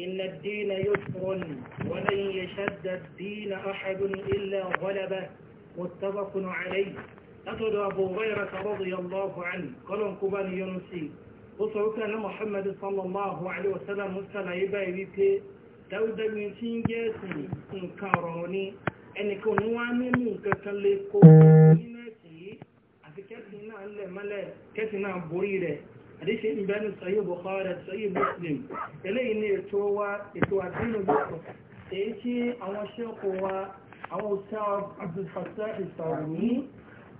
إن الدين يسر ولن يشد الدين أحد إلا غلبه متفق عليه أتد أبو هريرة رضي الله عنه قال كبان ينسي وصعوك أن محمد صلى الله عليه وسلم مسلم يباي بك. dáúdá ní tí ń jẹ́ ẹ̀sìn nǹkan ọ̀rọ̀ ni ẹnìkan ní wá nínú nǹkan kan àdíṣe ìbẹ̀rù sọ́yí Bukhari sọ́yí Muslim eléyìí ni ètò wa ètò àdínú lọ́pọ̀ èyí tí àwọn ṣẹ́kọ̀ wa àwọn òṣà àbúfàṣà ìsàwòrí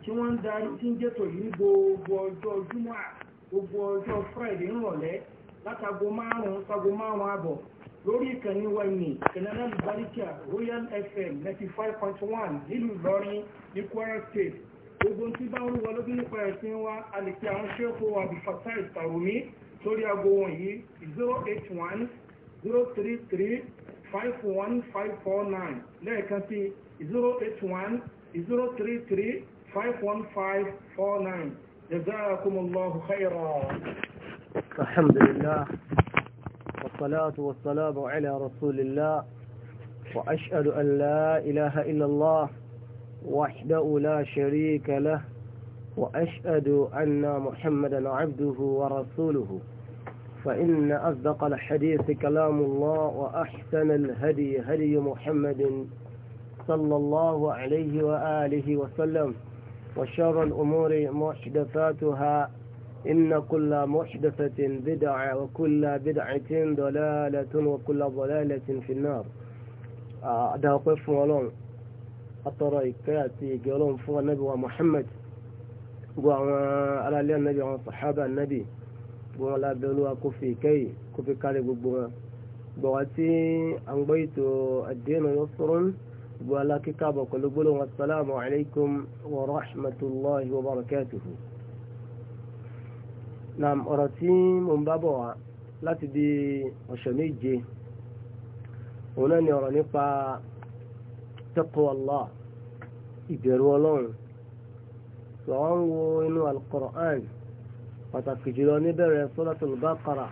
tí wọ́n ń darí tí ń jẹ́tò yìí gbogbo ọjọ́ Jímọ̀ gbogbo ọjọ́ Friday nírọ̀lẹ́ látago márùn-ún sago márùn-ún àbọ̀ lórí ìkànnì wa ní kẹ̀nẹ́nà lùbáríkà Royal FM 95.1 nílùú Ìlọrin ní Kwara State gbogbo tí bá ń rúwọ lóbi nípa ẹ̀sìn wa a lè fi àwọn ṣẹ́kù àbùfàtà ìtàrùmí lórí ago wọ̀nyí 081 033 51549 lẹ́ẹ̀kan sí 081 033 51549 جزاكم الله خيرا الحمد لله والصلاة والسلام على رسول الله وأشهد أن لا إله إلا الله وحده لا شريك له وأشهد أن محمدا عبده ورسوله فإن أصدق الحديث كلام الله وأحسن الهدي هدي محمد صلى الله عليه وآله وسلم وشر الأمور محدثاتها إن كل محدثة بدعة وكل بدعة ضلالة وكل ضلالة في النار آه، أدعو قف atọrọ ìkẹ́ àti ìgẹ́ ọlọ́run fún anábì wa Muhammad gbogbo àwọn aráalé anábì àwọn sàhábà anábì gbogbo wọn lábẹ́ olúwa kó fi ìkẹ́ yìí kó fi kárí gbogbo wọn gbọ̀ wá tí à ń gbọ́ ètò àdéhùn yusrun gbogbo alákíkà bọ̀ pẹ̀lú gbólóhùn asalaamu alaykum wa rahmatulahi wa barakatuhu. naam ọ̀rọ̀ tí mo ń bá bọ̀ wá láti bí ọ̀sẹ̀ méje òun náà ni ọ̀rọ̀ nípa taqwa ìbẹ̀rù ọlọ́run wọ́n ń wo inú alukoran pàtàkì jùlọ níbẹ̀rẹ̀ Suratul Baqara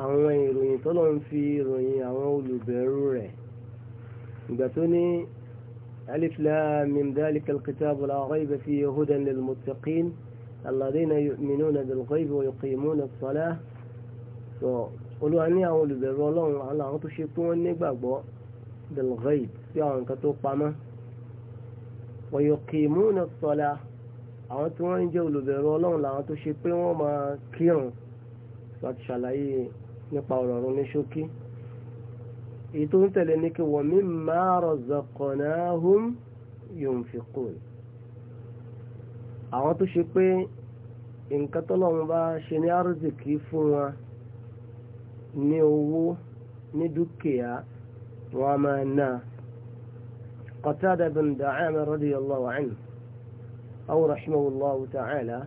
àwọn ìròyìn tó lọ́n fi ròyìn àwọn olùbẹ̀rù rẹ̀ ìgbà tó ní alif lam mim dhalika al-kitabu la rayba fihi hudan lil-muttaqin alladhina yu'minuna bil-ghaybi wa yuqimuna so olúwa ní àwọn olùbẹ̀rù ọlọ́run àwọn tó ṣe pé wọ́n nígbàgbọ́ bil sí àwọn nǹkan tó pamọ́. ويقيمون الصلاة àwọn tí wọ́n ń jẹ́ olùbẹ̀rù ọlọ́run làwọn tó ṣe pé wọ́n máa kírun láti ṣàlàyé nípa ọ̀rọ̀ ọ̀run ní ṣókí èyí tó ń tẹ̀lé ní kí wọ́n mimma razaqnahum yunfiqun àwọn tó ṣe pé nǹkan tọ́lọ́run bá ṣe ní arzikì fún wa ní owó ní dúkìá wọn máa náà قتادة بن دعامة رضي الله عنه أو رحمه الله تعالى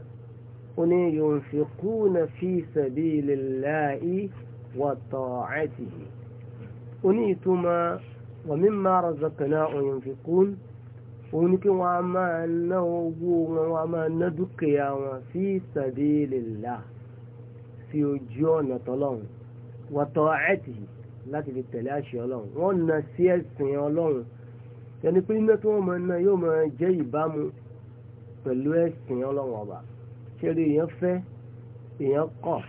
أن ينفقون في سبيل الله وطاعته أنيتما ومما رزقناه ينفقون oníkí wọn a máa ná owó wọn wọn a máa ná dúkìá wọn fi sabilillah fi ojú ọ̀nà tọ́lọ́run wa ta'atihi láti fi tẹ̀lé àṣẹ ọlọ́run wọ́n na sí ẹ̀sìn ọlọ́run yẹni pé iná tí wọ́n máa ná yóò máa jẹ́ ìbámu pẹ̀lú ẹ̀sìn ọlọ́run ọba ṣeré èèyàn fẹ́ èèyàn kọ̀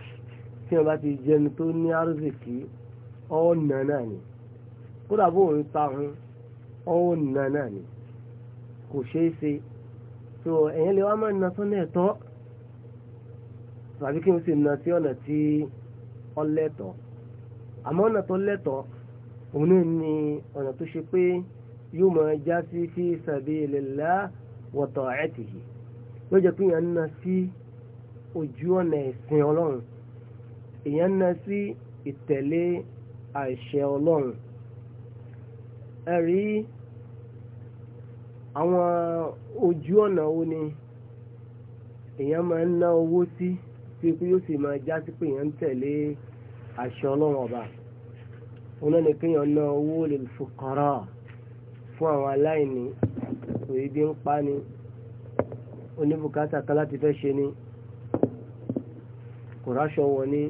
tí wọ́n bá ti jẹni tó ní àrùsìkì ọ̀nà náà ni kódà bó ń tahun ọ̀nà náà ni kò ṣeé ṣe so ẹ̀yìn lè wá máa na sọ́nà ẹ̀tọ́ tàbí kí n sì na sí ọ̀nà tí ọlẹ́tọ̀ àmọ́ ọ̀nà tó lẹ́tọ̀ òun náà ni ọ̀nà tó ṣe pé yóò máa já sí fi sabilillah wa ta'atihi yóò jẹ́ pé èèyàn ń na sí ojú ọ̀nà ẹ̀sìn ọlọ́run èèyàn ń na sí ìtẹ̀lé àṣẹ ọlọ́run ẹ̀rí àwọn ojú ọ̀nà wo ni èèyàn máa ń ná owó sí tí pé yóò sì máa já sí pé èèyàn ń tẹ̀lé àṣẹ ọlọ́run ọba òun náà ni kéèyàn ná owó lil fuqara fún àwọn aláìní òye bí ń pa ni oníbùkátà kan láti fẹ́ ṣe ni kò ráṣọ wọ̀ ni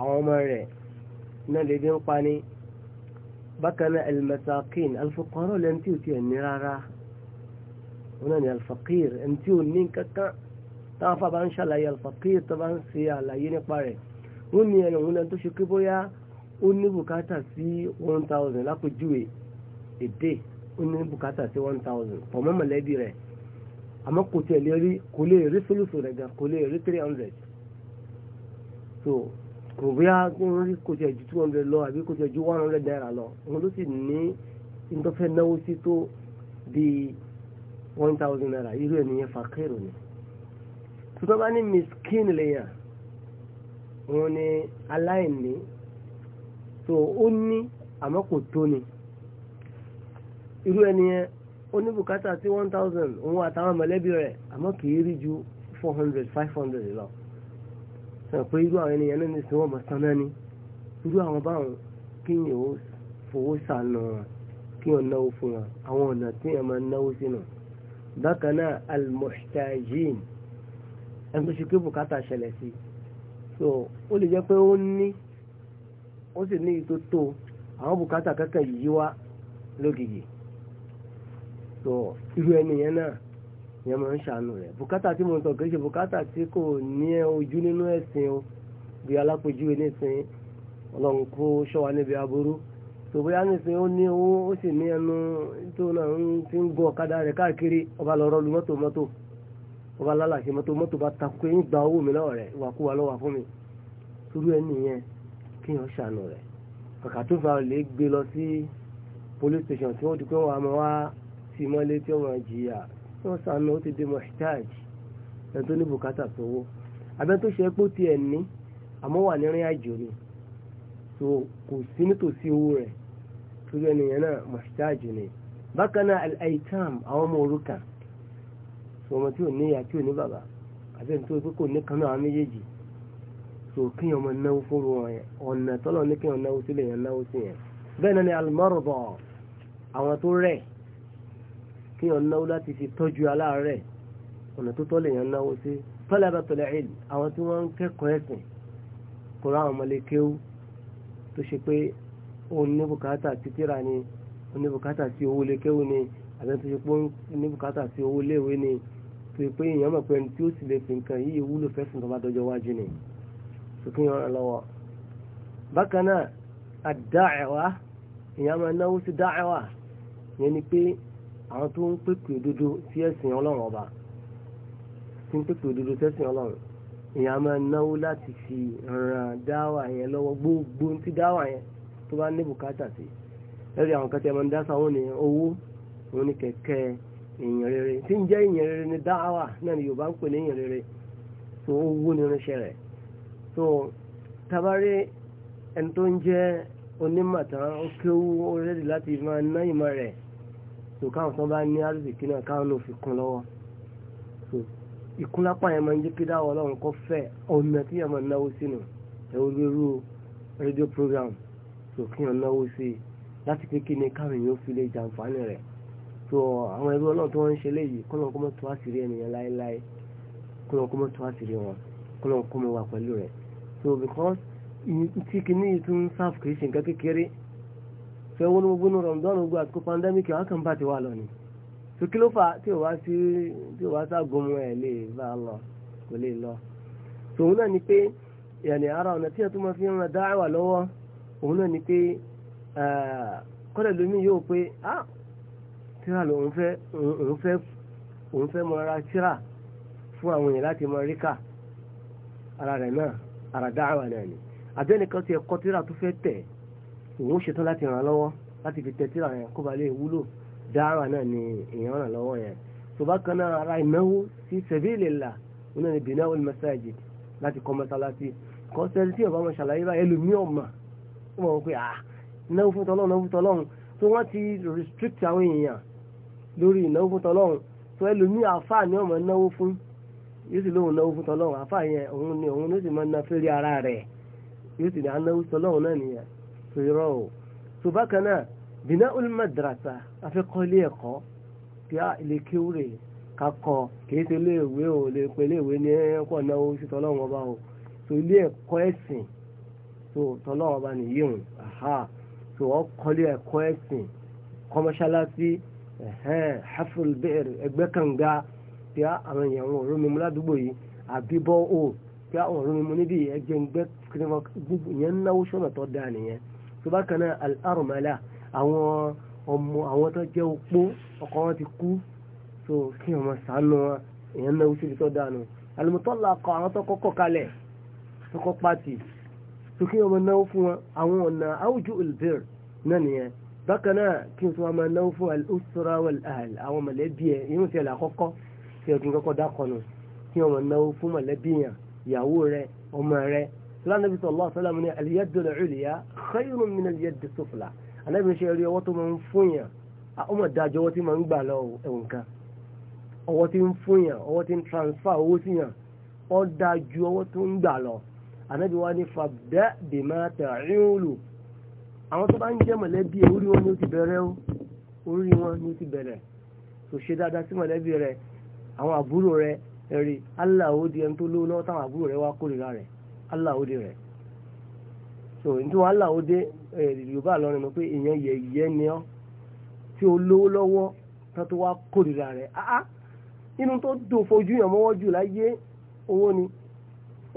àwọn ọmọ rẹ̀ náà lè bí ń pa ni bákan náà al-masakin al-fuqara lẹ́ni tí ò tiẹ̀ ní rárá wọn náà ni al-faqir ẹni tí ò ní kankan táwọn afá bá ń ṣàlàyé al tó bá ń ṣe àlàyé nípa rẹ̀ wọ́n ní ẹni òun tó ṣe kí bóyá ó ní bùkátà sí one thousand lápèjúwe èdè ó ní bùkátà sí one thousand ọmọ mọ̀lẹ́bí rẹ̀ àmọ́ kò tiẹ̀ lè rí kò lè rí sólùsù rẹ̀ gan kò lè rí three hundred so kò bóyá kò tiẹ̀ ju two hundred lọ àbí kò tiẹ̀ ju one hundred naira lọ òun ló sì ní ntọ́fẹ́ náwó sí tó bíi one thousand naira irú ẹ̀ nìyẹn fàkẹ́rù ni tuntun bá ní miskin lèèyàn òun ni aláìní so ó ní àmọ́ kò tó ni irú ẹni yẹn ó ní bùkátà sí one thousand òun àtàwọn mọ̀lẹ́bí rẹ̀ àmọ́ kì í rí ju four hundred five hundred lọ sọ pé irú àwọn ènìyàn náà ní sinwó ọmọ san náà ni irú àwọn báwọn kí yẹn ó fowó sànù wọn kí yẹn náwó fún wọn àwọn ọ̀nà tí yẹn máa náwó sínú bákan náà almuhtajin ẹni tó bùkátà ṣẹlẹ̀ sí so ó lè jẹ́ pé ó ní ó sì ní ìtótó àwọn bùkátà kankan yìí wá lógìyì so irú ẹni yẹn náà yẹn máa ń ṣàánú rẹ̀ bùkátà tí mo ń sọ kì í ṣe bùkátà tí kò ní ojú nínú ẹ̀sìn o bí alápèjúwe nísìn ọlọ́run kó ṣọ́ wa níbi aburú tó bóyá nísìn ó ní owó ó sì ní ẹnu tó náà ti ń gun ọ̀kadà rẹ̀ káàkiri ọba lọ́rọ́ lu mọ́tò mọ́tò ọba lálàṣẹ mọ́tò mọ́tò bá takú ẹ̀yìn gba owó mi lọ́wọ́ rẹ̀ ìwàkúwà fún mi irú ẹni yẹn kí wọ́n ṣàánú rẹ̀ kàkà tó fa police station tí wọ́n ti tì mọ́lé tí wọ́n jìyà tí wọ́n sànú ó ti di mọ̀ṣítáàj ẹni tó ní bùkátà sówó abẹ́ tó ṣe pé ó ti ẹ̀ ní àmọ́ wà nírìn àjò ni so kò sí nítòsí owó rẹ̀ torí ẹnìyẹn náà mọ̀ṣítáàj ni bákan náà al-aitam àwọn ọmọ òrukàn so ọmọ tí ò ní ìyá tí ò ní bàbá àbẹ́ tó pé kò ní kanú àwọn méjèèjì so kí ọmọ náwó fún wọn ọ̀nà tọ́lọ̀ ní kí ọ̀nà náwó sílẹ̀ yẹn náwó sí yẹn bẹ́ẹ̀ náà ni al-marḍā àwọn tó rẹ̀ kí yàn náwó láti fi tọ́jú aláàárẹ̀ ọ̀nà tó tọ́ lè yàn náwó sí talabatul ilm àwọn tí wọ́n ń kẹ́kọ̀ọ́ ẹ̀sìn kọ́ra àwọn ọmọlékéwú tó ṣe pé òun ní bùkátà sí ni òun ní bùkátà sí owó lékéwú ni àbẹ́ tó ṣe pé òun ní bùkátà sí owó léwé ni tó ṣe pé èèyàn mọ̀ pé ẹni tí ó sì lè fi nǹkan yìí wúlò fẹ́sìn tó bá dọjọ́ wájú ni sókè yàn lọ́wọ́ àwọn tó ń pèpè òdodo sí ẹ̀sìn ọlọ́run ọba tó ń pèpè òdodo sí ẹ̀sìn ọlọ́run èèyàn máa náwó láti fi ran dáwà yẹn lọ́wọ́ gbogbo tí dáwà yẹn tó bá ní bùkátà sí lórí àwọn kan tí a máa ń dá sáwọn ní owó òun ní kẹ̀kẹ́ èèyàn rere tí ń jẹ́ èèyàn rere ní dáwà náà ni Yorùbá ń pè ní èèyàn rere tó owó ní irinṣẹ́ rẹ̀ tó tabarí ẹni tó ń jẹ́ onímọ̀tàn ó kéwú ó rẹ́dì láti máa ná ìmọ̀ rẹ̀ so káwọn kan bá ní àrísìkí náà káwọn náà fi kún lọ́wọ́ so ìkúnlápá yẹn máa ń jẹ́ kí dáwọ́ ọlọ́run kọ́ fẹ́ ọ̀nà tí yẹn máa náwó sínú ẹ̀rọ rédíò program so kí yẹn náwó sí i láti pé kí ni káwọn èèyàn fi lè jàǹfààní rẹ̀ so àwọn ẹrú ọlọ́run tó wọ́n ń ṣe léyìí kọ́lọ́n kó mọ́ tó àṣírí ènìyàn láéláé kọ́lọ́n kó mọ́ tó àṣírí wọn kọ́lọ́n kó mọ́ wà pẹ̀lú rẹ̀ so because tí kìíní yìí tún sáf kìí ṣe nǹkan kékeré fẹ́ wọ́n gbogbo ní rọ̀mùdọ́n gbogbo àsìkò pandẹ́míkì wọn kàn bá ti wà lọ ni tó kí ló fà tí ò wá sí tí ẹ̀ lè bá a lọ kò lè lọ. tòun náà ni pé yàní ara ọ̀nà tí ẹ̀ tó máa fi ń dá lọ́wọ́ ni pé kọ́lẹ̀ lómi yóò pé tíra fẹ́ òun fẹ́ òun fẹ́ mọ ara tíra fún àwọn èèyàn láti ara rẹ̀ náà ara dáhàwà náà ni àbẹ́nìkan ti òun ṣetán láti ràn án lọ́wọ́ láti fi tẹ́tí ràn yẹn kó ba lè wúlò dára náà ni èèyàn ràn lọ́wọ́ yẹn tó bá kan náà ara ìnáwó sí sabilillah òun náà ni bìnnáwó ni masajid láti kọ́ mọ́sálásí kọ́ sẹ́ni tí ọ̀bá mọ́ṣáláyé bá ẹlòmíì ọ̀mà ó mọ̀ wọ́n pé ah náwó fún tọ́lọ́run náwó fún tọ́lọ́run tó wọ́n ti restrict àwọn èèyàn lórí ìnáwó fún tọ́lọ́run tó ẹlòmíì àfáà ni ọmọ náwó fún yóò sì lóhun náwó fún tọ́lọ́run àfáà yẹn òun ni òun ló sì máa ná fẹ́rí ara rẹ̀ yóò sì ní anáwó tó irọ́ o tó bákan náà bìnà olùmọ̀dàràsà afẹ́kọ́ ilé ẹ̀kọ́ kí á ilé kéwúrè kakọ kìí ṣe ilé ìwé o lè pe ilé ìwé ní ẹ̀kọ́ náà ó sì tọ́lọ́wọ́n ọba o tó ilé ẹ̀kọ́ ẹ̀sìn tó tọ́lọ́wọ́n ọba nìyí o tó ọkọ̀ ilé ẹ̀kọ́ ẹ̀sìn kọ́mọ́ṣáláṣí hafil bẹ́ẹ̀r ẹgbẹ́ kànga tí àwọn èèyàn wọn òrùn mímú ládùúgbò yìí àbíbọ́ o tí àwọn òrùn mímú níbi ẹgbẹ́ ìyẹn náwó sọ́nà tó dáa nìyẹn tó bá kan náà al-armala àwọn ọmọ àwọn tó jẹ́ opó ọkọ wọn ti kú so kí ọmọ sànú èèyàn náà wúṣíbi tó dànù al-mutallaqa àwọn tó kọ́kọ́ kalẹ̀ tó kọ́ pàtì so kí ọmọ náà fún wọn àwọn ọ̀nà àwùjọ olùbẹ̀r náà nìyẹn ìyàwó rẹ ọmọ rẹ lánàá bí sọ̀lá ọ̀sọ́lá mi ní al-yadu al-ulya khayrun min al-yadi as-sufla anábìrin ṣe rí ọwọ́ tó máa ń fún yàn ọmọ ìdájọ́ ọwọ́ tí máa ń gbà lọ ẹ̀wọ̀n kan ọwọ́ tí ń fún yàn ọwọ́ tí ń transfer owó sí yàn ó dájú ọwọ́ tó ń gbà lọ anábì wa ní fàbẹ́ bèmá tààrínlù àwọn tó bá ń jẹ́ mọ̀lẹ́bí orí wọn ni ó ti bẹ̀rẹ̀ orí wọn ni ó ti bẹ̀rẹ̀ tó ṣe dáadáa sí mọ̀lẹ́bí rẹ àwọn àbúrò rẹ ẹ̀rí aláwo di ẹni tó lówó lọ́wọ́ táwọn àbúrò rẹ wá kórìíra rẹ̀ aláwòdé rẹ̀ so nítorí wọn aláwòdé yorùbá lọrin mọ pé èèyàn yẹ̀yẹ́ ni ọ́ tí ó lówó lọ́wọ́ tó tó wá kórìíra rẹ̀ áá inú tó dùn fojú yàn mọ́wọ́ jù láyé owó ni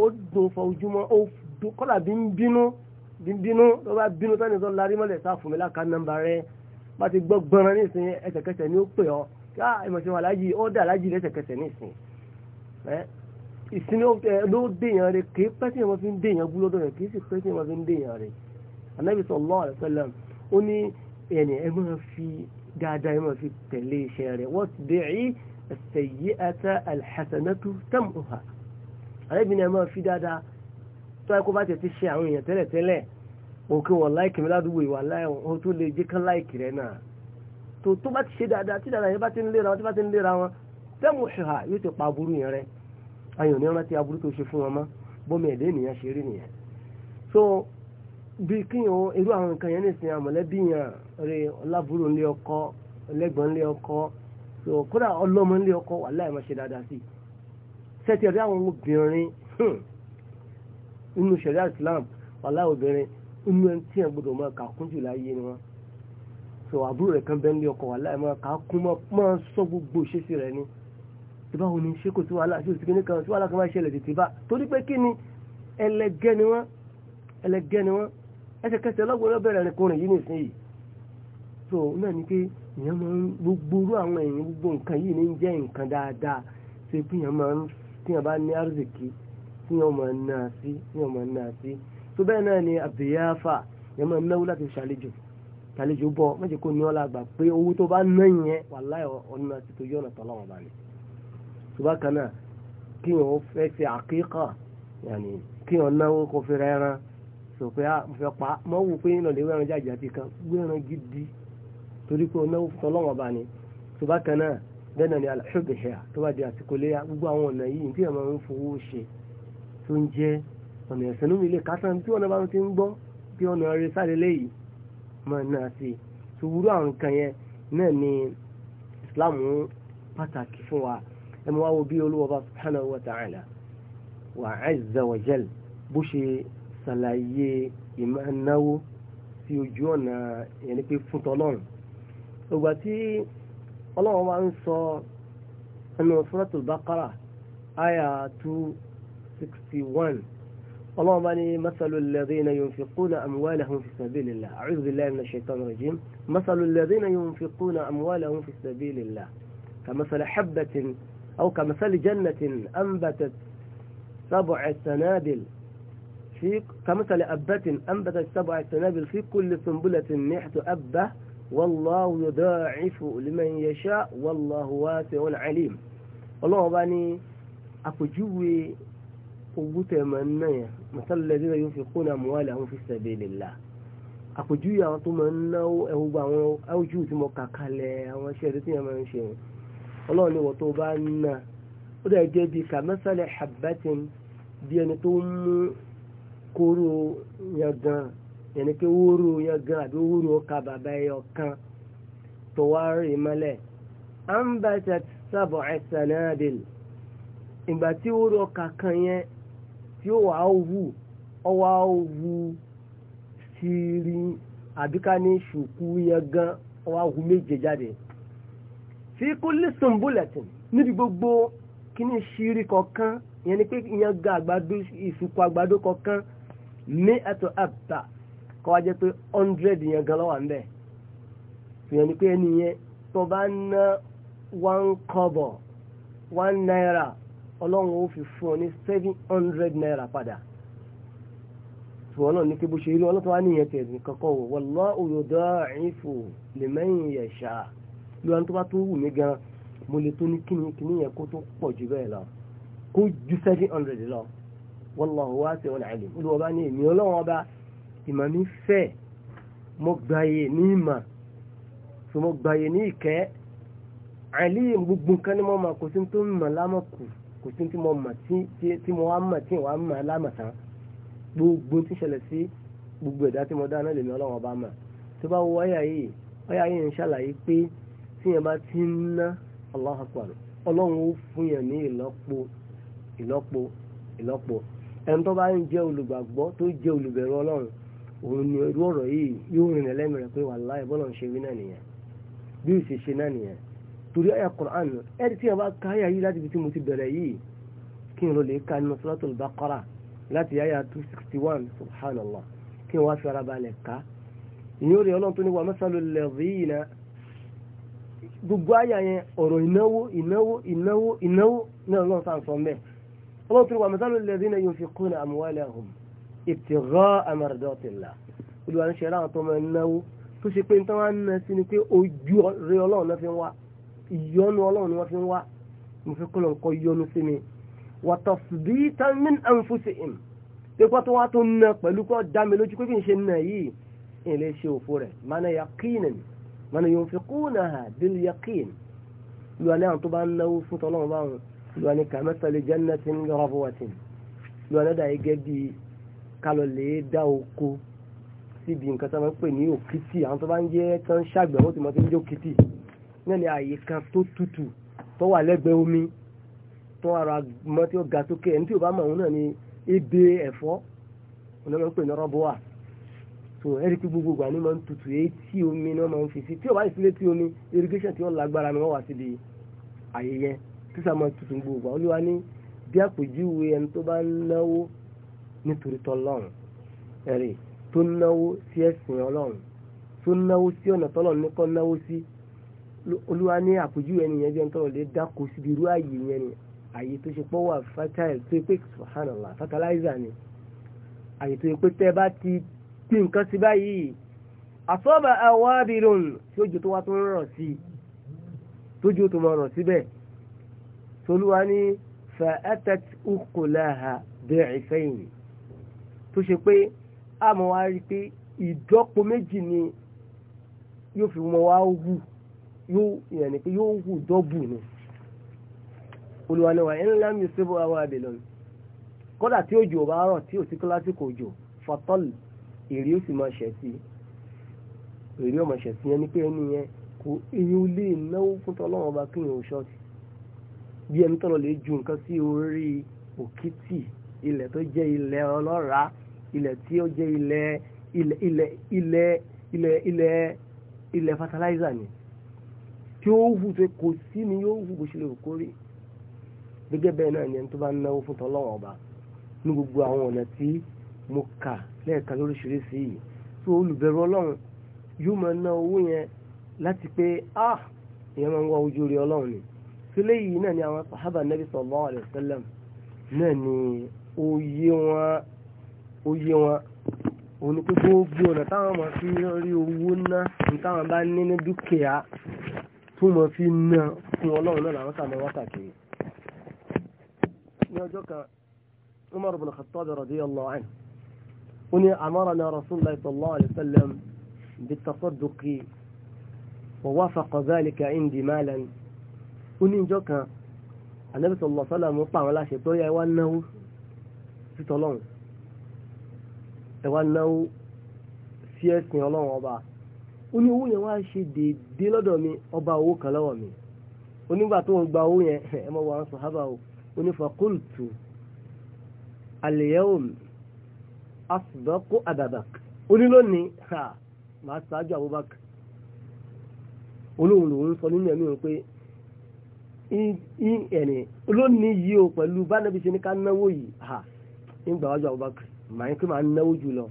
ó dùn fojú mọ́ ó dùn kọ́là bí ń bínú bí ń bínú tó bá bínú tán ní sọ larí mọ́lẹ̀ sá fún mi láka nọ́mbà rẹ̀ bá ti gbọ́ gbọ́nrán ní ìsìn ẹsẹ̀kẹsẹ̀ ni ó pè ọ́ ká ìmọ̀síwọ̀n aláàjì ó dà aláàjì lẹ́sẹ̀kẹsẹ̀ ní ìsìn ìsinmi ló dèèyàn rẹ̀ kìí pẹ́ tí wọ́n fi ń dèèyàn gú lọ́dọ̀ rẹ̀ kìí sì pẹ́ tí wọ́n fi ń dèèyàn rẹ̀ anábì sallallahu alaihi wasallam ó ní ẹni ẹ máa fi dáadáa ẹ máa fi tẹ̀lé iṣẹ́ rẹ̀ watbi'i as-sayyi'ata al-hasanatu tamhuha anábì ni ẹ máa fi dáadáa tó ẹ kó bá tẹ̀ ti ṣe àwọn èèyàn tẹ́lẹ̀ tẹ́lẹ̀ òkè wọ̀ láìkì mi ládùúgbò ìwà láì wọn tó lè ayọ̀ ní rántí aburú tó ṣe fún wọn mọ́ bọ́mọ ẹ̀dẹ́ ènìyàn ṣe rí nìyẹn so bí kíyàn irú àwọn nǹkan yẹn nìsín àmọ̀lẹ́bí yẹn rè ọlábúrò ńlé ọkọ ẹlẹ́gbọ̀n ńlé ọkọ so kódà ọlọ́mọ ńlé ọkọ wà láì máa ṣe dáadáa sí i sẹ́tì ọ̀dẹ́ àwọn obìnrin hmm. nínú ṣẹ̀ríà Islam wà láì obìnrin inú ẹni tí ẹ̀ gbọ́dọ̀ máa kà jù láyé ni wọ́n so àbúrò rẹ̀ kan bẹ́ẹ̀ ńlé ọkọ wà láì máa kà kún sọ gbogbo ìṣesí rẹ̀ ni tí báwo ni ṣé kò sí wàhálà ṣé òsì kìíní kan sí wàhálà kan máa ṣẹlẹ̀ tètè bá torí pé kí ni ẹlẹgẹ́ ni wọ́n ẹlẹgẹ́ ni wọ́n ẹsẹ̀kẹsẹ̀ ọlọ́gbọ̀n bẹ̀rẹ̀ ẹnìkùnrin yìí nìsín yìí tó náà ni pé èèyàn máa ń gbogbo orú àwọn èèyàn gbogbo nǹkan yìí ní jẹ́ nǹkan dáadáa ṣe bí èèyàn máa ń tíyàn bá ní àrùsìkì tíyàn máa máa ná sí tó bẹ́ẹ̀ náà ni àbẹ̀yáfà èèyàn máa náwó láti ṣàlejò ṣàlejò bọ̀ mọ́jẹ́ kó ọ́ la gbà pé owó tó bá ná yẹn wàláì ọ̀nà ti tó yọ̀nà tọ́lọ́wọ̀n bá ṣùgbọ́n kan náà kí wọ́n fẹ́ ṣe àkíkà yàní kí wọ́n náwó kó fi ra ẹran sọ pé a ah, fẹ́ pa mọ́ wù pé nínú ìwé ẹran jáde àti kan wé ẹran gidi torí pé onáwó fún ọlọ́wọ́n bá ní ṣùgbọ́n kan náà bẹ́ẹ̀ náà ni alṣọ́bẹ̀ṣẹ́ tó bá di àsìkò léyà gbogbo àwọn ọ̀nà yìí tí àwọn ń fowó ṣe tó ń jẹ́ ọ̀nà ẹ̀sẹ̀ nínú ilé kásán tí wọ́n bá ti ń gbọ́ bí ọ̀nà rẹ sáré léyìí mọ̀ náà sí ṣùgbọ́n àwọn nǹkan yẹn náà ni Islam pàtàkì fún wa ẹmu wa wo bí olúwọba subhanahu wa ta'ala wa azza wa jal bó ṣe ṣàlàyé ìmánáwó sí ojú ọ̀nà yẹn ni pé fún tọlọ́run ìgbà tí ọlọ́run wa ń sọ ẹnu suratul baqara aya two sixty one. اللهم أني مثل الذين ينفقون أموالهم في سبيل الله أعوذ بالله من الشيطان الرجيم مثل الذين ينفقون أموالهم في سبيل الله كمثل حبة أو كمثل جنة أنبتت سبع سنابل في كمثل أبة أنبتت سبع سنابل في كل سنبلة مئة أبة والله يضاعف لمن يشاء والله واسع عليم الله باني أكجوي قوت من مثل الذين ينفقون أموالهم في سبيل الله أكجوي أعطوا من أو أو أو جوت مكاكالي أو شيء ọlọ́run ni wọ́n tó bá ń nà ó dẹ̀ jẹ́ bí kàmẹ́sàlẹ̀ habbatin bí ẹni tó ń mú kóró yẹn gan yẹn ni pé wóró yẹn gan àbí wóró ọkà bàbá ẹyọ kan tó wá rí mọ́lẹ̀ ambatat sab'a sanadil ìgbà tí wóró ọkà kan yẹn tí ó wàá wù ọ wàá wù sírí àbíká ní ṣùkú yẹn gan ọ wàá méje jáde fi kulli sunbulatin níbi gbogbo kíní ṣírí kọ̀ọ̀kan ìyẹn ni pé ìyẹn ga àgbàdo ìsìnkú àgbàdo kọ̀ọ̀kan ní ẹ̀tọ́ àbùtà kọ́ wá jẹ́ pé hundred yẹn gan lọ́wọ́ ń bẹ̀ ìyẹn ni pé ẹni yẹn tó bá ná one kọ́bọ̀ one naira ọlọ́run ó fi fún ọ ní seven hundred naira padà ṣùgbọ́n náà ní kí bó ṣe rí ọlọ́tọ́ wá níyẹn tẹ̀sí kankan wò wallahu yudaifu liman yasha lóra tó bá tó wù mí gan mo lè tó ní kíni kíni yẹn kó tó pọ̀ jù bẹ́ẹ̀ lọ kó ju seven hundred lọ wallahu wasi'un alim olùwọ́ bá ní èmi ọlọ́wọ́n ọba ìmọ̀ mi fẹ́ mo gbàyè ní ìmọ̀ tó mo gbàyè ní ìkẹ́ àìlíyè gbogbo nǹkan ni mo mọ̀ kò sí tó ń mọ̀ lámọ̀ kù kò sí tí mo mọ̀ tí mo wá mọ̀ tí wàá mọ̀ lámọ̀ tán gbogbo tí ṣẹlẹ̀ sí gbogbo ẹ̀dá tí mo dá náà lèmi ọlọ́wọ́n ọba mọ̀ tó bá wọ ọ̀yà yìí ọ̀yà yìí ń ṣàlàyé pé tí yẹn bá ti ń ná Allahu Akbar ọlọ́run ó fún yẹn ní ìlọ́po ìlọ́po ìlọ́po ẹni tó bá ń jẹ́ olùgbàgbọ́ tó jẹ́ olùbẹ̀rù ọlọ́run òun ni irú ọ̀rọ̀ yìí yóò rìn lẹ́mìí rẹ̀ pé wàláhì bọ́lọ̀ ń ṣe wí náà nìyẹn bí òṣè ṣe náà nìyẹn torí àyà Qur'an ẹni tí yẹn bá ka àyà yìí láti ibi tí mo ti bẹ̀rẹ̀ yìí kí n lọ lè ka nínú Suratul Baqara láti àyà two sixty one subhanallah kí n wá fi ara balẹ̀ ká ìyóò ọlọ́run tó ní wa masalul ladhina gbogbo àyà yẹn ọ̀rọ̀ ìnáwó ìnáwó ìnáwó ìnáwó ní ọlọ́run sáà ń sọ mẹ́ ọlọ́run tó wà mẹ́sàlú lẹ́dínà yunfiquna amwalahum ibtigha'a mardatillah olùwà ń ṣẹlá àwọn tó máa ń náwó tó ṣe pé nítorí wọn ná sí ni pé ojú rẹ ọlọ́run náà fi ń wá ìyọnu ọlọ́run ni wọ́n fi ń wá mo fi kọ́lọ̀ nǹkan yọnu sí mi wa tasbitan min anfusihim wọn yóò fi kúnà ha bíi yakin lùwà ní àwọn tó bá ń náwó fún tọ́lọ́wọ́n bá wọn lùwà ní kàmẹ́sàlẹ̀ jannatin rọ́bọ̀wọ̀tìn lùwà ní dàá gẹ́gẹ́ bíi kálọ̀ lè dá oko síbi nǹkan tó máa ń pè ní òkìtì àwọn tó bá ń jẹ́ tó ṣàgbẹ̀ wọ́n ti mọ̀ tó ń òkìtì náà ni àyè kan tó tutù tó wà lẹ́gbẹ̀ẹ́ omi tó ara mọ́ tí ó ga sókè ẹni tí ò bá mọ̀ òun náà ni ebe ẹ̀fọ́ òun náà máa ń pè ní rọ́bọ̀wà so ẹ̀rí pé gbogbo ìgbà ni máa ń tutù etí omi ni wọ́n máa ń fi sí tí ò bá ìsílẹ̀ tí omi irrigation tí wọ́n lágbára ni wọ́n wá síbi ayẹyẹ tí sá máa tutù gbogbo ìgbà olúwa ní bí àpèjúwe ẹni tó bá ń náwó nítorí tọ́lọ́run ẹ̀rí tó náwó sí ẹ̀sìn ọlọ́run tó náwó sí ọ̀nà tọ́lọ́run ní kọ́ náwó sí olúwa ní àpèjúwe ẹni yẹn bí ẹni lè dáko síbi irú ààyè yẹn ni ààyè tó ṣe pọ́wà fertile tó yẹ pé subhanallah fertilizer ni ààyè tó yẹ pé tẹ́ bá ti tí nǹkan sí báyìí àsọ́bà àwábìlùn tí ó jù tó wá tó rọ̀ sí tó jù tó mọ̀ rọ̀ síbẹ̀ tolúwa ní fa'atat ukulaha bi'fayn tó ṣe pé a mọ̀ wá rí pé ìdọ́po méjì ni yóò fi mọ̀ wá wù yóò yẹn ni pé yóò wù dọ́bù ni olúwa ní wa in lam yusibu àwábìlùn kódà tí òjò bá rọ̀ tí ò sí kílásìkò òjò fatọ́lù èrè ó sì máa ṣẹ̀ sí èrè ó máa ṣẹ̀ sí yẹn ní pé ẹni yẹn kò èyí ó lè náwó fún tọ́lọ́wọ́n ọba kí èèyàn ṣọ́ọ̀tì bí ẹni tọ́lọ́ lè ju nǹkan sí orí òkìtì ilẹ̀ tó jẹ́ ilẹ̀ ọlọ́ràá ilẹ̀ tí ó jẹ́ ilẹ̀ ilẹ̀ ilẹ̀ ilẹ̀ ilẹ̀ ilẹ̀ fertilizer ni tí ó wù pé kò sí ni yóò wù bó ṣe lè kó rí gẹ́gẹ́ bẹ́ẹ̀ náà ni ẹni tó bá náwó fún tọ́lọ́wọ́n ọba ní gbogbo àwọn ọ̀nà tí mo kà lẹ́ẹ̀ka lóríṣiríṣi yìí tó olùbẹ̀rù ọlọ́run yóò máa ná owó yẹn láti pé ah ìyẹn máa ń wá ojú rí ọlọ́run ni sílé yìí náà ni àwọn sàhábà nẹ́bí sallallahu alaihi wasallam náà ni oyé wọn oyé wọn òun ni pé gbogbo ọ̀nà táwọn máa fi rí owó ná ní táwọn bá ní ní dúkìá tó máa fi ná fún ọlọ́run náà làwọn sàmọ́ wákàtí ní ọjọ́ kan Umar ibn Khattab radiyallahu anhu هنا أمرنا رسول الله صلى الله عليه وسلم بالتصدق ووافق ذلك عندي مالا هنا جوكا النبي صلى الله عليه وسلم وطعم لا شيء طويا وأنه في طلون وأنه في اسم الله وبعض ó ní owó yẹn wá ṣe déédéé lọ́dọ̀ mi ọba owó kan lọ́wọ́ mi onígbà tó ń gba owó yẹn ẹ mọ̀ wà ń sọ hábà o onífàkóòtù al-yawm asbaqu ababak onílónìí ha máa ṣáájú abubakar olóhùn lòun sọ nínú ẹ̀mí wọn pé ẹ̀nì olónìí yìí o pẹ̀lú bánàbí ṣe ní ká náwó yìí ha nígbà wájú abubakar màá ń pè máa náwó jù lọ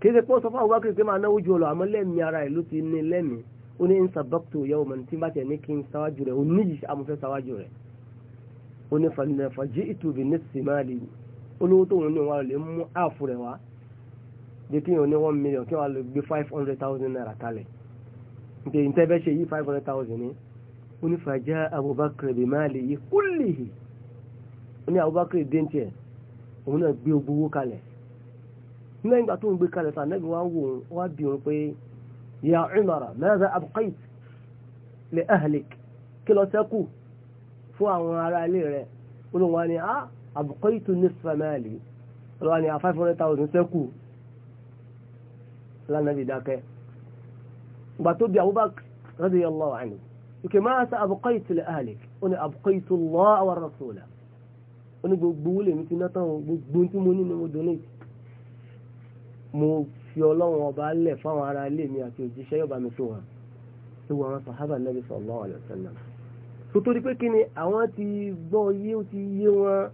kí ṣe pọ́ sọ fún abubakar pé máa náwó jù lọ àmọ́ lẹ́mìí ara ẹ̀ ló ti ní lẹ́mìí ó ní nsabakto yẹ́wò mọ̀ tí bá ní kí n sáwájú rẹ̀ ó níyì amúfẹ́ sáwájú rẹ̀ ó ní fàjì ìtòbí ní sèmáàlì olówó tóun ní wọn lè mú áàfù rẹ̀ wá bí kí wọn ní one million kí wọn lè gbé five hundred thousand naira kalẹ̀ nke ìtẹ́fẹ́ ṣe yí five hundred thousand ní onífàjá Abubakar bí máa lè yí kúlìhì ní Abubakar déńtì ẹ̀ òun náà gbé ogbówó kalẹ̀ lẹ́yìn ìgbà tó ń gbé kalẹ̀ fún anábì wọn wò wá bí wọn pé ya Umara madha abqait li ahlik kí lọ sẹ́kù fún àwọn ará ilé rẹ̀ olóhùn wa ni ah àbùkọ́yìtò ní sàmáàlì ọlọ́wà ní five hundred thousand sẹ́kù lánàbì dákẹ́ gbà tó bí Abubakar radiyallahu anhu ìkè máa sa àbùkọ́yìtò lè àlè ó ní àbùkọ́yìtò Allah wa rasulahu ó ní gbogbo wúlò mi ti ná tán gbogbo tí mo ní ni mo donate mo fi ọlọ́run ọba lẹ̀ fáwọn ará ilé mi àti òjíṣẹ́ yóò bá mi tó wọn tó wọn sàhábà Nabi sallallahu alaihi wasallam sotori pé kí ni àwọn ti gbọ́ yé ó ti yé wọn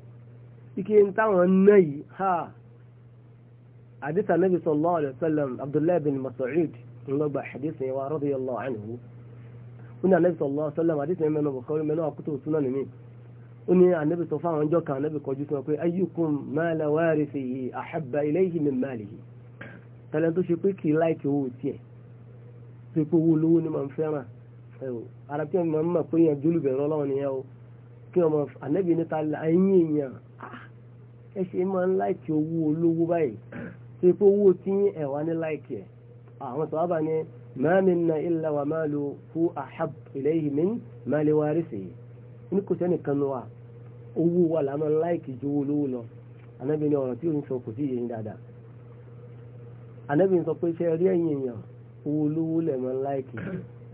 ike ń táwọn ná yìí ha àdìsá nàbì sallallahu alayhi wa sallam abdullahi bin mas'ud ńlọgbà àdìsá yẹn wa radiyallahu anhu ó ní ànàbì sallallahu alayhi wa sallam àdìsá yẹn mẹ́nu Bukhari mẹ́nu àkútó sunan nìyí ó ní ànàbì sọ fáwọn ọjọ́ kan ànàbì kọjú sí wọn pé ayyukum mala warithihi ahabba ilayhi min malihi tẹ́lẹ̀ tó ṣe pé kì í láìkì owó tiẹ̀ tó pé owó olówó ni màá fẹ́ràn ẹ̀wò ara tí wọ́n ń mọ̀ pé yẹn jólùbẹ̀rẹ̀ ọlọ́run nìyẹn o kí wọ́n máa ànàbì níta ẹ̀yìn èèyàn ẹ ṣe máa ń láìkì owó olówó báyìí tó pé owó tí ẹ wá ní láìkì ẹ̀ àwọn sọ̀rọ̀ bá ní ma minna illa wa malu hu ahab ilayhi min mali warisihi ní kò sẹ́ni kan wa owó wa là láìkì ju owó olówó lọ anábì ní ọ̀rọ̀ tí ò sọ kò sí yẹn dáadáa anábì ń sọ pé ṣe rí ẹ̀yìn èèyàn owó olówó lẹ̀ máa láìkì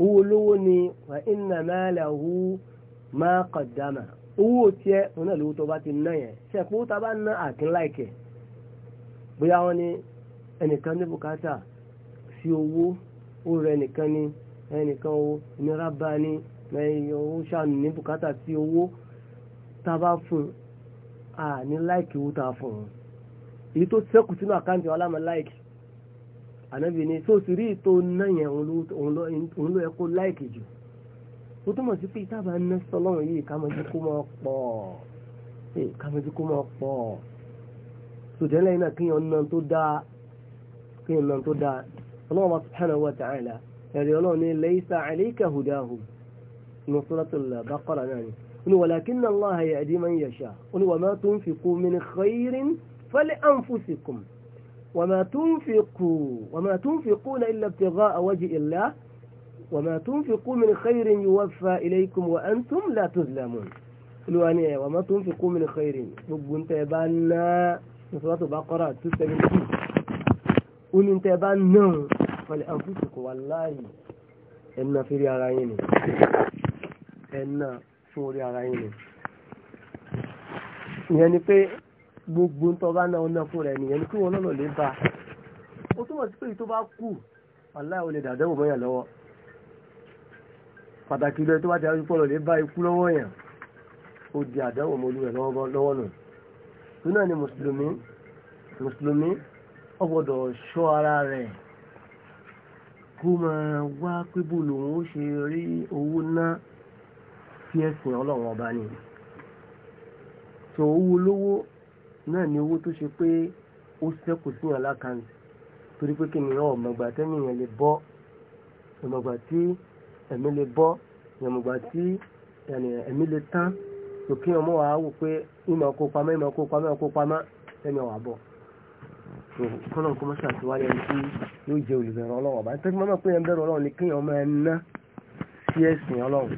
owó olówó ni wa inna malahu ma qaddama owó tiẹ̀ òun náà lówó tó bá ti ná yẹn ṣe pé owó tá a bá ná àkín láìkẹ̀ bóyá wọn ni ẹnìkan ní bùkátà sí owó ó rẹ ẹnìkan ní ẹnìkan owó ìnira bá ní ẹyọ ṣàánú ní bùkátà sí owó tá a bá fún a ní láìkì owó tá a fún un èyí tó sẹ́kù sínú àkáǹtì wa láàmú láìkì ànábì ni sóòsì rí ètò náà yẹn òun ló ẹ̀kọ́ láìkì jù. ó mọ̀ sí pé ìtàbà ná sọlọ́run yìí ká mọ̀jú kó máa pọ̀ ká mọ̀jú kó máa pọ̀ sòtẹ́lẹ̀ iná kí ọ̀nà tó dá kí ọ̀nà tó dáa ọlọ́run wa subhanahu wa ta'ala ẹ̀rí ọlọ́run ní laysa alayka hudahum ní suratul Baqara náà ni ó ní walakinna Allaha yahdi man yasha ní wa ma tunfiqu min khairin fali anfusikum wa ma tunfiqu wa ma tunfiquna illa ibtigha'a وما تنفقوا من خير يوفى إليكم وأنتم لا تظلمون الوانية وما تنفقوا من خير gbogbo ntẹ bá ná Suratul Baqara 270 oní ntẹ bá ná fali anfusikum wallahi ẹ̀nà fèrè ara yín ni ẹ̀nà fún orí ara yín ni ìyẹn ni pé gbogbo ntọ́ bá ná ọ̀nà fún rẹ̀ nìyẹn ni kí wọ́n lọ́nà lè bá ó túmọ̀ sí pé èyí tó bá kù wallahi ò lè dàdẹ́wò mọ́yà lọ́wọ́ pàtàkì lọ tó bá ti arúgbó lọ lè bá ikú lọ́wọ́ yẹn ó di àdánwò mọ́lú rẹ̀ lọ́wọ́ nù tó náà ni mùsùlùmí mùsùlùmí ó gbọ́dọ̀ ṣọ́ ara rẹ̀ kó máa wá pébù lòun ó ṣe rí owó ná sí ẹ̀sìn ọlọ́run ọba ni tó owó lówó náà ni owó tó ṣe pé ó ṣẹ́kù síyàn lákàntì torí pé kí ni ọmọgbà tẹ́nìyàn lè bọ́ ọmọgbà tí ẹ̀mí lè bọ́ ìyàmùgbà tí ẹ̀mí lè tán tòkí ọmọ wa wò pé ìmọ̀ kó pamọ́ ìmọ̀ kó pamọ́ ìmọ̀ kó pamọ́ ẹ̀mí wà bọ̀ kọ́nà kó mọ́ṣà tí wáyé ẹni tí yóò jẹ́ olùbẹ̀rẹ̀ ọlọ́wọ́ bá tẹ́tí mọ́mọ́ pé ẹ̀ńbẹ̀rẹ̀ ọlọ́run ni kí ọmọ ẹ̀ ná sí ẹ̀sìn ọlọ́run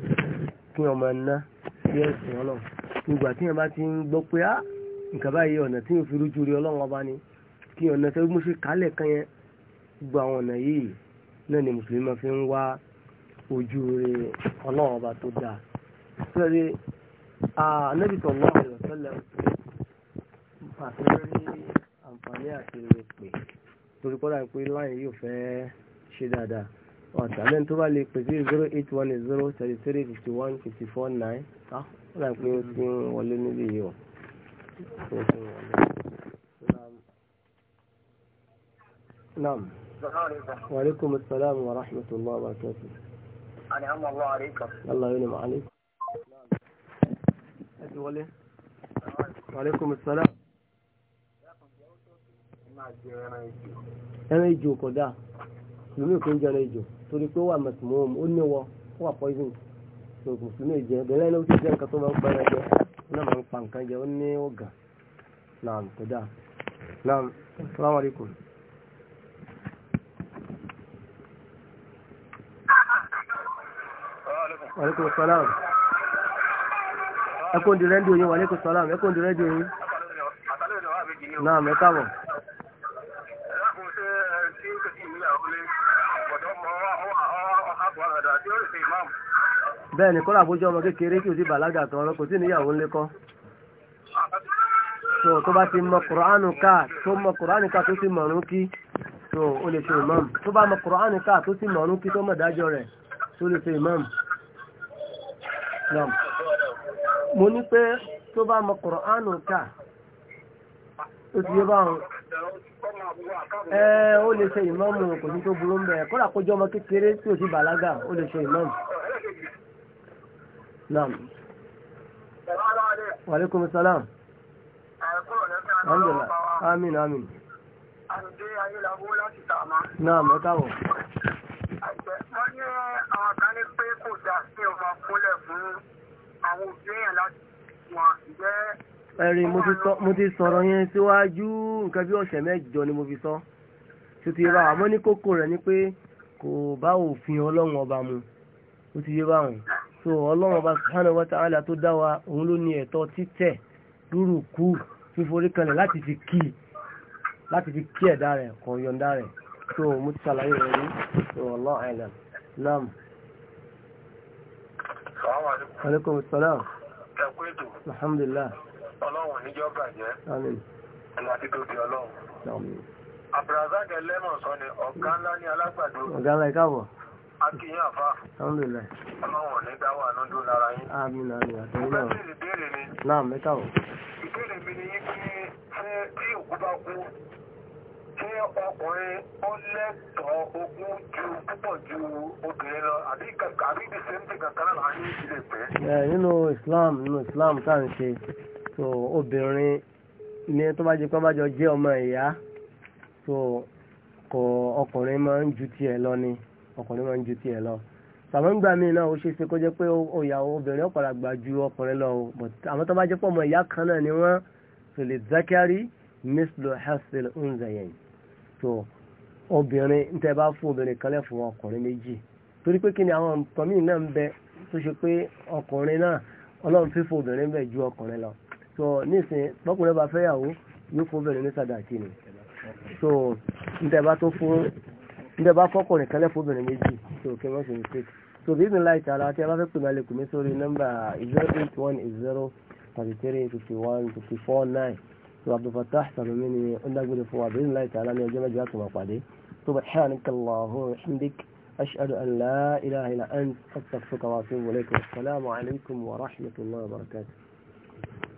kí ọmọ ẹ̀ ná sí ẹ̀sìn ọlọ́run nígbà tí yẹn bá ti ń gbọ́ pé ah nǹkan báyìí ọ̀nà tí yóò fi rújú rí ọlọ́run ọba ni kí ọ̀nà tẹ́ ṣe kálẹ̀ kan yẹn gbogbo àwọn ọ̀nà yìí náà ni mùsùlùmí máa fi ń wá ojú rẹ ọlọ́run ọba tó dáa sọ́rí ànábìtọ̀ lọ́wọ́ ẹ̀rọ tẹ́lẹ̀ àfẹ́rẹ́ ní àǹfààní àti rẹ̀ pè torí kọ́dà pé láyé yóò fẹ́ ṣe dáadáa ọ̀tà lẹ́yìn tó bá lè pè sí zero eight one zero thirty three fifty one fifty four nine ká kọ́dà pé ó ti ń wọlé níbí yìí o ó ti ń wọlé. Naam. Wa alaykum assalam wa rahmatullahi wa barakatuh. أنعم الله عليكم الله ينعم عليك أدي ولي وعليكم السلام ẹran ìjò kódà mùsùlùmí ò kí ń jẹ ẹran ìjò torí pé ó wà mẹsùmùm ó ní wọ ó wà poison so mùsùlùmí ò jẹ bẹ̀rẹ̀ ló ti jẹ nǹkan tó máa ń pa ẹran jẹ ó náà máa ń pa nǹkan jẹ ó ní ọ̀gà náà kódà náà salamu alaykum. wàlékún sọláàmù di rẹ́díò yín wàlékún sọláàmù di rẹ́díò yín náà mẹ́kàbọ̀. bẹ́ẹ̀ ni kọ́lá àbójú ọmọ kékeré kí o ti bàlágà tán ọ̀rọ̀ kò sí níyàwó ńlẹ́ kọ́ so tó bá ti mọ kùránù ká tó mọ kùránù ká tó ti mọ̀rún kí so o lè ṣe ìmọ̀mù tó bá mọ kùránù ká tó ti mọ̀rún kí tó mọ̀ dájọ́ rẹ̀ tó lè ṣe ìmọ̀mù mo ní pé tó bá mọ Kùránù ká ó ti yé báwọn ẹ ó lè ṣe ìmáàmù kò sí tó burú ń bẹ kódà kó jẹ́ ọmọ kékeré tí ò sí bàlágà ó lè ṣe ìmáàmù. Naam. Wa alaikum salaam. Alhamdulillah. Amin, amin. Àti láti tààmà. Naam, ẹ kò dáa sí ọmọ kúnlẹ̀ fún àwọn òbí èèyàn láti wọn ìgbẹ́. ẹ̀rí mo ti sọ̀rọ̀ yẹn síwájú nǹkan bí ọ̀sẹ̀ mẹ́jọ ni mo fi sọ tó ti ra àmọ́ ní kókó rẹ̀ ni pé kò bá òfin ọlọ́run ọba mu ó ti yé báwọn so ọlọ́run ọba subhanahu wa ta'ala tó dá wa òun ló ní ẹ̀tọ́ títẹ̀ lúrù kú fíforí kanlẹ̀ láti fi kí láti fi kí ẹ̀dá rẹ̀ kọ̀ yọ̀ǹda rẹ̀ so mo ti ṣàlàyé rẹ̀ rí so Allah alam aleykum salaam. ẹ kú ètò. alhamdulilah. ọlọ́run níjọ́ bàjẹ́. àmín. àti tó di ọlọ́run. àmín. abdulrasaq ẹlẹ́mọ̀ sọ ni ọ̀gá ńlá ní alágbàdo. ọ̀gá ńlá ìkáàbọ̀. akínyìn àfa. alhamdulilah. ọlọ́run ní dáwọ́ àánú dún lára yín ṣé ọkùnrin ó lẹ́tọ̀ọ́ ogún ju púpọ̀ ju obìnrin lọ àbí kàbí the same thing kankan náà ní ìdílé pẹ́. nínú Islam nínú Islam tá à ń ṣe so obìnrin ni tó bá jẹ pé bá jọ jẹ́ ọmọ ìyá so kò ọkùnrin máa ń ju tiẹ̀ lọ ni ọkùnrin máa ń ju tiẹ̀ lọ sàmọ́ngbà mi náà ó ṣe é ṣe kó jẹ́ pé òyàwó obìnrin ọ̀pọ̀lọpọ̀ àgbà ju ọkùnrin lọ àmọ́ tó bá jẹ́ pé ọmọ ìyá kan náà ni wọ́n so lè zákẹ́rì mislo hasil unzayin so obìnrin níta bá fún obìnrin kan lẹ́fún ọkùnrin méjì torí pé kí ni àwọn nǹkan míì náà ń bẹ tó ṣe pé ọkùnrin náà ọlọ́run fífò obìnrin bẹ̀ ju ọkùnrin lọ so nísìn tọkùnrin bá fẹ́ yàwó yóò fún obìnrin ní sàdáàkì ni so níta bá tó fún níta bá fọkùnrin kan lẹ́fún obìnrin méjì so kí wọ́n ṣe mistake so bí ìdùnnú láì tààrà tí a bá fẹ́ pè mí alẹ́ sórí nọ́mbà zero eight one zero thirty three fifty one fifty four nine. وعبد وعبدالفتاح سلميني قلنا أقول فوا بإذن الله تعالى من الجمع جاءكم أقوالي سبحانك الله وبحمدك أشهد أن لا إله إلا أنت أستغفرك وأتوب إليك والسلام عليكم ورحمة الله وبركاته